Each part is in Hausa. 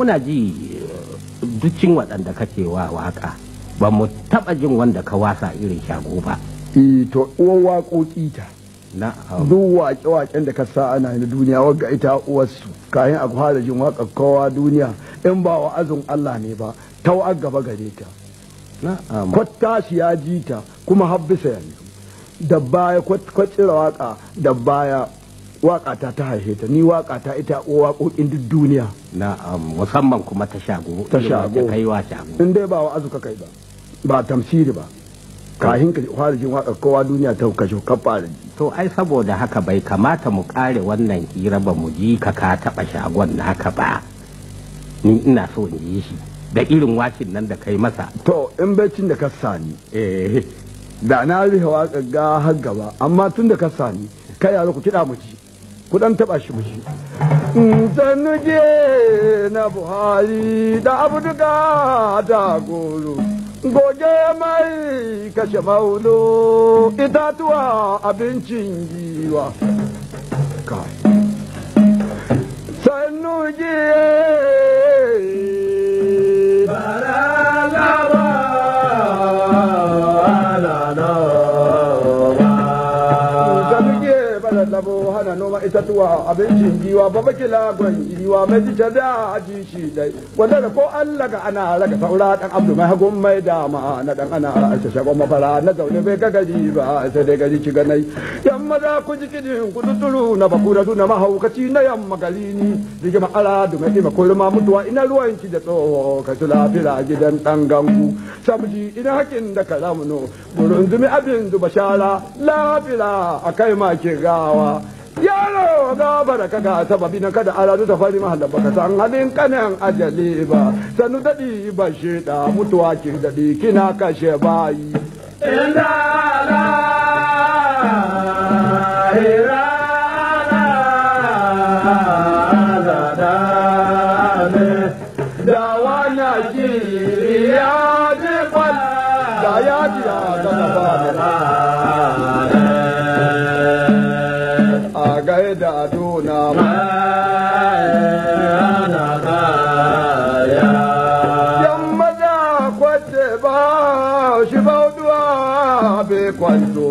muna ji eh, dukin waɗanda kake wa waƙa ba mu taɓa jin wanda ka wasa irin shago ba e, to uwan waƙoƙi ta duk waƙe-waƙen da ka sa ana na duniya wagga ita uwarsu kayan a fara jin waƙa kowa duniya in ba wa azun Allah ne ba ta gaba gare ta kwatta shi ya ji ta kuma habbisa yanzu da baya kwatsira waƙa da baya Waƙata ta haife ta ni waƙata ita ita waƙoƙin duk duniya na'am musamman kuma ta shago ta shago kai wa shago in dai ba wa azuka kai ba ba tamsiri ba kahin ka fara jin waka kowa duniya ta kashe ka fara to ai saboda haka bai kamata mu kare wannan hira ba mu ji ka ka taba shagon naka ba ni ina so in yi shi da irin wakin nan da kai masa to in baicin da ka sani eh da na rihe ga har gaba amma tun da ka sani kai yaro ku kiɗa mu ci ku dan taba shi mushi zanuje na buhari da abduga da goro goge mai kashe maulo itatuwa abincin giwa kai sanuje tuwa abincin giwa ba baki lagon giwa mai ji ta daji shi dai wanda da ko an ga ana raga saura dan abdu mai hagun mai dama na dan ana aisha shagon mafara na zaune bai ji ba sai dai gari ci ganai yan maza ku ji kidi ku tuturu na bakura na mahaukaci na yamma magari ni ma ala da mai ima ma mutuwa ina ruwan ki da tsoho ka tula fira gidan dan gangu samji ina hakin da no burundumi abin zuba shara lafira akai ma ke yaro ga baraka ga sababi na kada ala ta fari mahalla baka san halin kanan ajali ba sanu dadi ba sheda mutuwa kin dadi kina kashe bayi inda la hira da wana ya ji kwal da ta kai da adona ba yamma da kwace ba shi bauduwa bai kwanto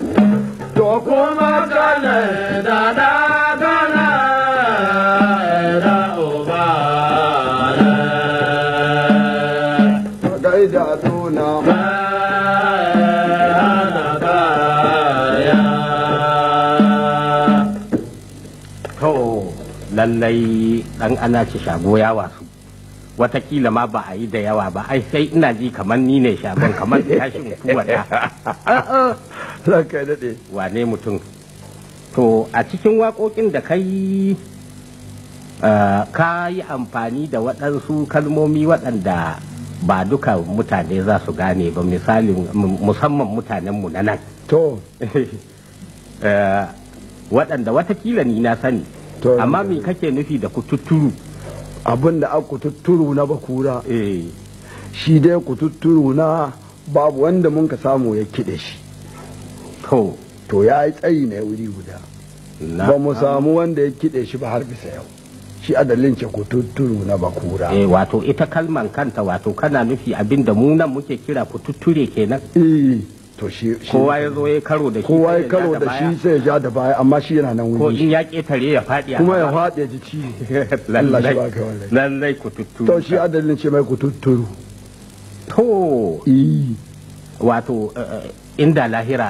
da da da ma. lallai dan ana ci shago ya wasu watakila ma ba a yi da yawa ba ai sai ina ji kamar ni ne shagon kamar tashin kuwa ta ranka daɗe wane mutum to a cikin waƙoƙin da ka yi eh, ka yi amfani da waɗansu kalmomi waɗanda ba duka mutane za su gane ba misalin musamman mutanenmu na nan to eh, waɗanda watakila ni na sani amma me kake nufi da kututturu abin da ku tutturu na bakura eh. shi dai kututturu na babu wanda mun ka samu ya kiɗe shi to ya yi tsayi ne wuri guda ba mu samu wanda ya kiɗe shi ba har bisa yau shi a dalilin ce na bakura eh wato ita kalman kanta wato kana nufi abin da mu nan muke kira kututture kenan eh to shi kowa ya zo ya karo da shi kowa ya karo da shi sai ya ja da baya amma shi yana nan wuri ko in ya ketare ya fadi kuma ya fadi ji ci lallai shi baka kututturu to shi adalin ce mai kututturu to e. eh wato eh, inda lahira